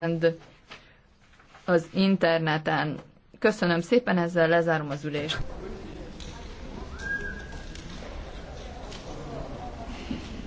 rend az interneten. Köszönöm szépen, ezzel lezárom az ülést.